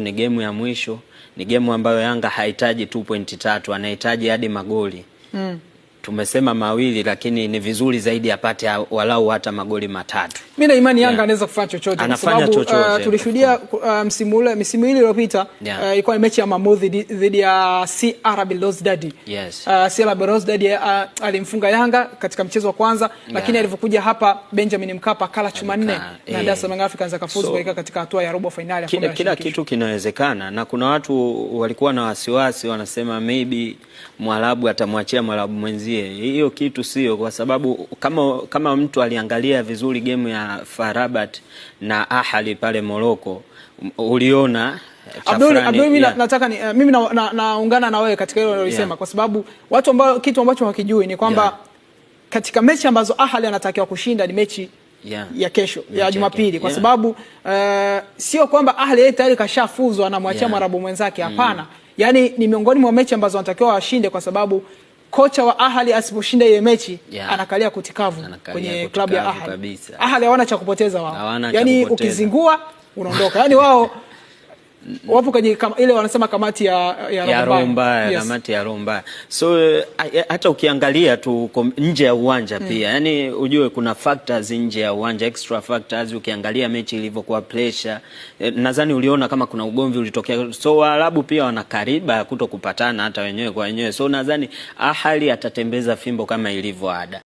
Ni gemu ya mwisho, ni gemu ambayo Yanga hahitaji tu pointi tatu, anahitaji hadi magoli mm tumesema mawili, lakini ni vizuri zaidi apate walau hata magoli matatu. Mimi na imani Yanga anaweza yeah. kufanya chochote kwa sababu uh, tulishuhudia uh, msimu ule msimu ile iliyopita uh, yeah. uh, ilikuwa ni mechi ya Mamoudhi dhidi ya CR Belouizdad. Yes. Uh, CR Belouizdad uh, alimfunga Yanga katika mchezo wa kwanza yeah. lakini alivyokuja hapa Benjamin Mkapa kala chuma nne na Dar es Salaam eh. Africans akafuzu so, katika hatua ya robo finali ya kila, kila kitu kinawezekana, na kuna watu walikuwa na wasiwasi wanasema maybe Mwarabu atamwachia Mwarabu mwenzi tuangalie hiyo kitu, sio kwa sababu kama, kama mtu aliangalia vizuri gemu ya Farabat na Ahali pale Moroko, uliona eh, Abdul, Abdul mimi yeah. nataka ni, uh, mimi naungana na, na, na wewe katika hilo unalosema yeah. kwa sababu watu ambao kitu ambacho hawakijui ni kwamba yeah. katika mechi ambazo Ahali anatakiwa kushinda ni mechi Yeah. ya kesho mechi ya Jumapili kwa yeah. sababu uh, sio kwamba Ahali yeye tayari kashafuzwa na anamwachia yeah. Mwarabu mwenzake mm. hapana. mm. Yaani ni miongoni mwa mechi ambazo wanatakiwa washinde kwa sababu kocha wa Ahali asiposhinda ile mechi yeah. anakalia kutikavu anakalia kwenye klabu ya Ahali. Ahali hawana cha kupoteza wao, yaani ukizingua unaondoka, yaani wao wapo kwenye kama, ile wanasema kamati ya ya, ya Romba, mbaya yes. Kamati ya Romba so hata ukiangalia tu nje ya uwanja mm. Pia yani ujue kuna factors nje ya uwanja extra factors. Ukiangalia mechi ilivyokuwa pressure, eh, nadhani uliona kama kuna ugomvi ulitokea. So Waarabu pia wana kariba kutokupatana kupatana hata wenyewe kwa wenyewe, so nadhani Ahali atatembeza fimbo kama ilivyo ada.